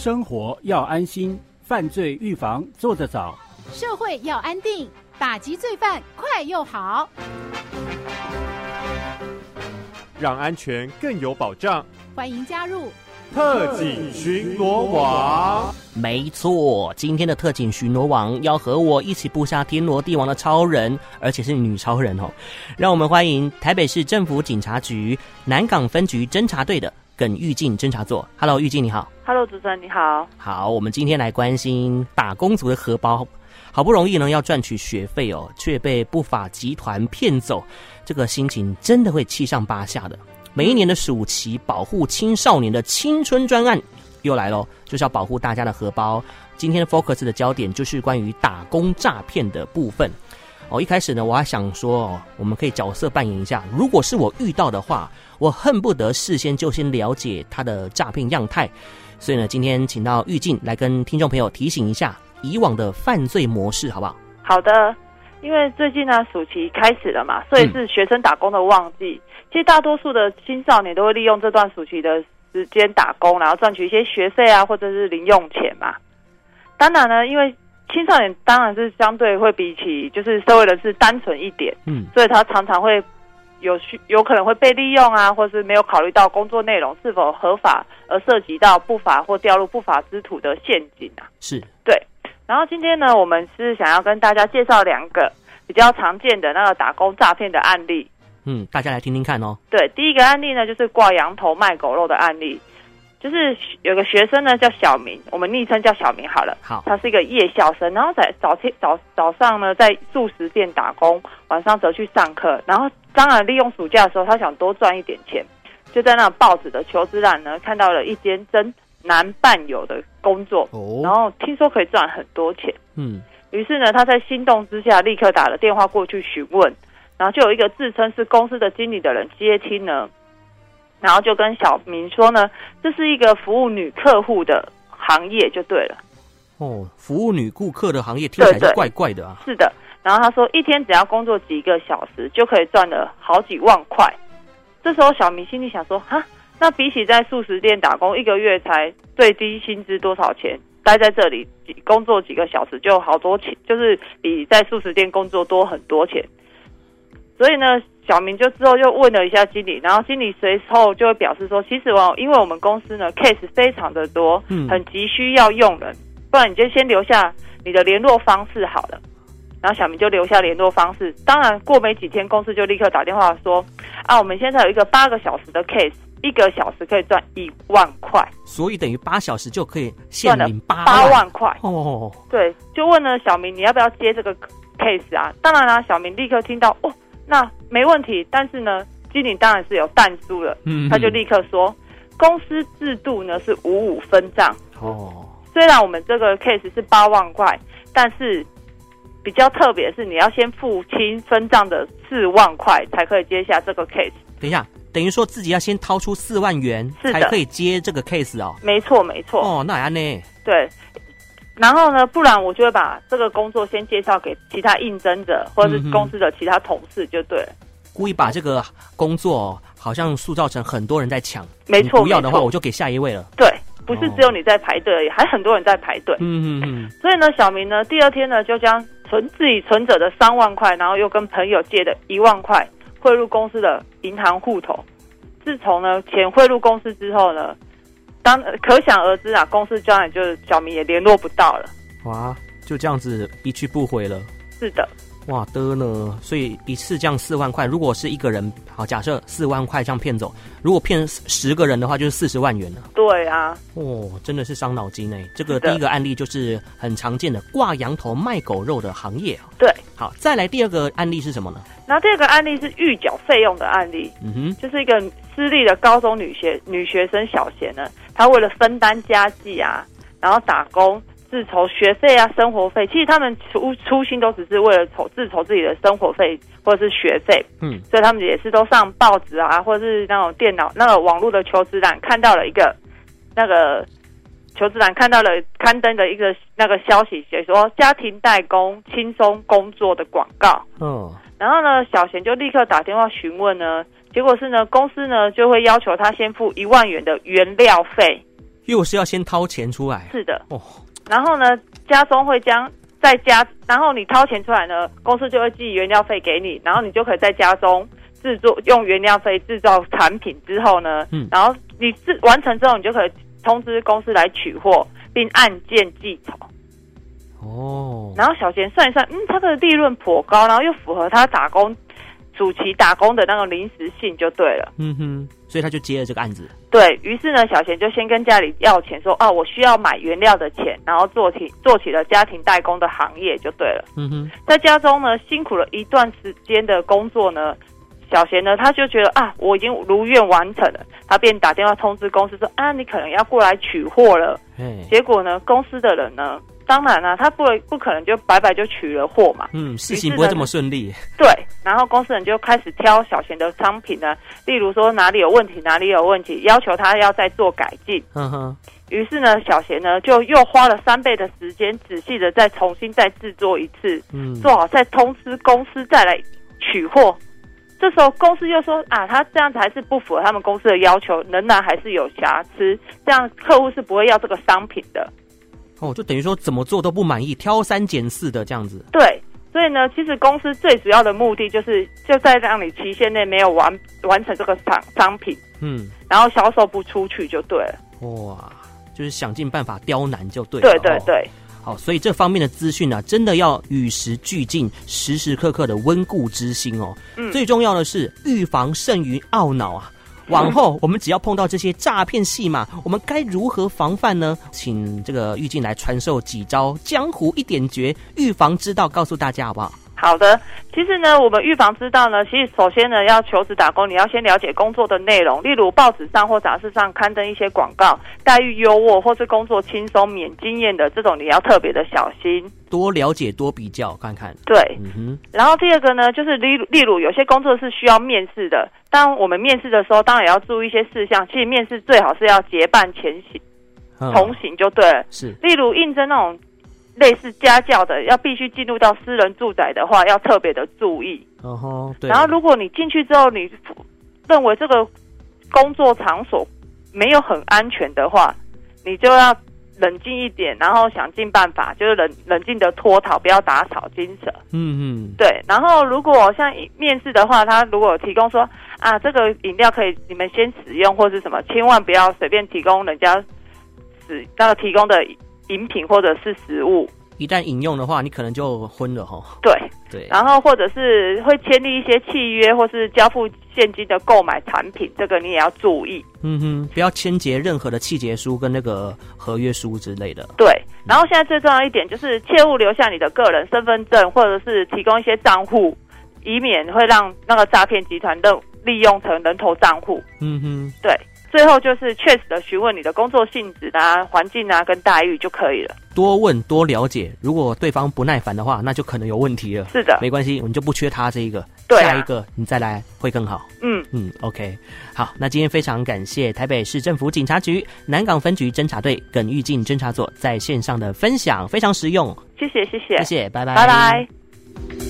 生活要安心，犯罪預防做得早；社會要安定，打擊罪犯快又好，讓安全更有保障。歡迎加入特警巡邏網。沒錯，今天的特警巡邏網要和我一起布下天羅地網的超人，而且是女超人哦！讓我們歡迎台北市政府警察局南港分局偵察隊的。耿郁靜偵查佐，Hello，郁靜你好，Hello，主持人你好，好，我們今天來關心打工族的荷包，好不容易呢要賺取學費哦，卻被不法集團騙走，這個心情真的會七上八下的。每一年的暑期保護青少年的青春專案又來嘍，就是要保護大家的荷包。今天的 Focus 的焦點就是關於打工詐騙的部分。哦，一開始呢，我還想說，哦，我們可以角色扮演一下，如果是我遇到的話，我恨不得事先就先了解他的詐騙樣態。所以呢，今天請到郁靜來跟聽眾朋友提醒一下以往的犯罪模式，好不好？好的，因為最近呢、啊，暑期開始了嘛，所以是學生打工的旺季。嗯、其實大多數的青少年都會利用這段暑期的時間打工，然後賺取一些學費啊，或者是零用錢嘛。當然呢，因為青少年當然是相對會比起就是社會人士單純一點，嗯，所以他常常會有有可能會被利用啊，或是沒有考慮到工作內容是否合法而涉及到不法或掉入不法之徒的陷阱啊。是對。然後今天呢，我們是想要跟大家介紹兩個比較常見的那個打工詐騙的案例。嗯，大家來聽聽看哦。對，第一個案例呢，就是掛羊頭賣狗肉的案例。就是有個學生呢，叫小明，我們昵稱叫小明好了。好，他是一個夜校生，然後在早早早上呢，在素食店打工，晚上則去上課。然後，當然利用暑假的時候，他想多賺一點錢，就在那報紙的求職欄呢，看到了一間徵男伴遊的工作，哦、然後聽說可以賺很多錢。嗯，於是呢，他在心動之下，立刻打了電話過去詢問，然後就有一個自稱是公司的經理的人接聽呢。然後就跟小明說呢，這是一個服務女客戶的行業，就對了。哦，服務女顧客的行業聽起來怪怪的啊。啊。是的，然後他說一天只要工作幾個小時就可以賺了好幾萬塊。這時候小明心裡想說：“哈，那比起在素食店打工，一個月才最低薪資多少錢？待在這裡工作幾個小時就好多錢，就是比在素食店工作多很多錢。”所以呢。小明就之後又問了一下經理，然後經理隨後就會表示說：“其實我、哦、因為我們公司呢 case 非常的多，嗯，很急需要用人，不然你就先留下你的聯絡方式好了。”然後小明就留下聯絡方式。當然，過沒幾天，公司就立刻打電話說：“啊，我們現在有一個八個小時的 case，一個小時可以賺一萬塊，所以等於八小時就可以賺了八萬塊哦。” oh. 對，就問了小明你要不要接這個 case 啊？當然啦、啊，小明立刻聽到哦，那。沒問題，但是呢，經理當然是有但書了，嗯、哼他就立刻說，公司制度呢是五五分賬哦。雖然我們這個 case 是八萬塊，但是比較特別是你要先付清分賬的四萬塊，才可以接下這個 case。等一下，等於說自己要先掏出四萬元是的才可以接這個 case 哦。沒錯，沒錯。哦，那安呢？對。然後呢，不然我就會把這個工作先介紹給其他應徵者，或者是公司的其他同事，就對了、嗯。故意把這個工作好像塑造成很多人在搶，沒錯。不要的話，我就給下一位了。對，不是只有你在排隊，哦、還很多人在排隊。嗯嗯嗯。所以呢，小明呢，第二天呢，就將存自己存着的三萬塊，然後又跟朋友借的一萬塊，匯入公司的銀行戶頭。自從呢，錢匯入公司之後呢。當，可想而知啊，公司當然就是小明也聯絡不到了。哇，就這樣子一去不回了。是的。哇的呢，所以一次這樣四萬塊，如果是一個人好，假設四萬塊這樣騙走，如果騙十個人的話，就是四十萬元了，啊。對啊，哦，真的是傷腦筋誒、欸。這個第一個案例就是很常見的掛羊頭賣狗肉的行業、啊、對，好，再來第二個案例是什麼呢？那第二個案例是預繳費用的案例。嗯哼，就是一個私立的高中女學女學生小賢呢，她為了分擔家計啊，然後打工。自籌學費啊，生活費，其實他們初初心都只是為了籌自籌自己的生活費或者是學費，嗯，所以他們也是都上報紙啊，或者是那種電腦那個網絡的求職欄看到了一個那個求職欄看到了刊登的一個那個消息，寫說家庭代工輕鬆工作的廣告，嗯、哦，然後呢，小賢就立刻打電話詢問呢，結果是呢，公司呢就會要求他先付一萬元的原料費，又是要先掏錢出來，是的，哦。然後呢，家中會將在家，然後你掏錢出來呢，公司就會寄原料費給你，然後你就可以在家中制作，用原料費製造產品之後呢，嗯，然後你制完成之後，你就可以通知公司來取貨，並按件計酬。哦。然後小賢算一算，嗯，他的利潤頗高，然後又符合他打工。暑期打工的那個臨時性就對了，嗯哼，所以他就接了這個案子。對，於是呢，小賢就先跟家裡要錢說，說啊，我需要買原料的錢，然後做起做起了家庭代工的行業就對了，嗯哼，在家中呢辛苦了一段時間的工作呢，小賢呢他就覺得啊，我已經如願完成了，他便打電話通知公司說啊，你可能要過來取貨了，嘿結果呢，公司的人呢。當然了、啊，他不不可能就白白就取了貨嘛。嗯，事情不會這麼順利。對，然後公司人就開始挑小賢的商品呢，例如說哪裡有問題，哪裡有問題，要求他要再做改進。嗯哼。於是呢，小賢呢就又花了三倍的時間，仔細的再重新再制作一次，嗯，做好再通知公司再來取貨。這時候公司又說啊，他這樣子還是不符合他們公司的要求，仍然還是有瑕疵，這樣客戶是不會要這個商品的。哦，就等於說怎麼做都不滿意，挑三揀四的這樣子。對，所以呢，其實公司最主要的目的就是就在讓你期限內沒有完完成這個商，商品，嗯，然後銷售不出去就對了。哇，就是想盡辦法刁難就對了。對對對。哦。好，所以這方面的資訊呢，啊，真的要與時俱進，時時刻刻的溫故知新哦。嗯。最重要的是預防勝於懊惱啊。嗯、往後我們只要碰到這些詐騙戲碼，我們該如何防範呢？請這個郁靜來傳授幾招江湖一點訣，預防之道，告訴大家好不好？好的，其實呢，我們預防之道呢，其實首先呢，要求職打工，你要先了解工作的內容，例如報紙上或雜誌上刊登一些廣告，待遇優渥或是工作輕鬆、免經驗的這種，你要特別的小心，多了解、多比較看看。對，嗯、哼然後第二個呢，就是例例如有些工作是需要面試的。當我們面試的時候，當然也要注意一些事項。其實面試最好是要結伴前行，同、嗯、行就對了。是，例如應徵那種類似家教的，要必須進入到私人住宅的話，要特別的注意。哦，對。然後如果你進去之後，你認為這個工作場所沒有很安全的話，你就要。冷靜一點，然後想盡辦法，就是冷冷靜的脫逃，不要打草驚蛇。嗯嗯哼，對。然後如果像面試的話，他如果提供說啊，這個飲料可以你們先使用，或是什麼，千萬不要隨便提供人家，是那個提供的飲品或者是食物。一旦飲用的話，你可能就昏了哈、哦。對對，對，然後或者是會簽訂一些契約，或是交付現金的購買產品，這個你也要注意。嗯哼，不要簽結任何的契約書跟那個合約書之類的。對，然後現在最重要一點就是切勿留下你的個人身份證，或者是提供一些賬戶，以免會讓那個詐騙集團的利用成人頭賬戶。嗯哼，對。最後就是確實的詢問你的工作性質啊、環境啊、跟待遇就可以了。多問多了解，如果對方不耐煩的話，那就可能有問題了。是的，沒關係，我們就不缺他這一個。對、啊，下一個你再來會更好。嗯嗯，OK，好，那今天非常感謝台北市政府警察局南港分局偵查隊耿郁靜偵查佐在線上的分享，非常實用。謝謝謝謝拜拜拜拜，拜拜。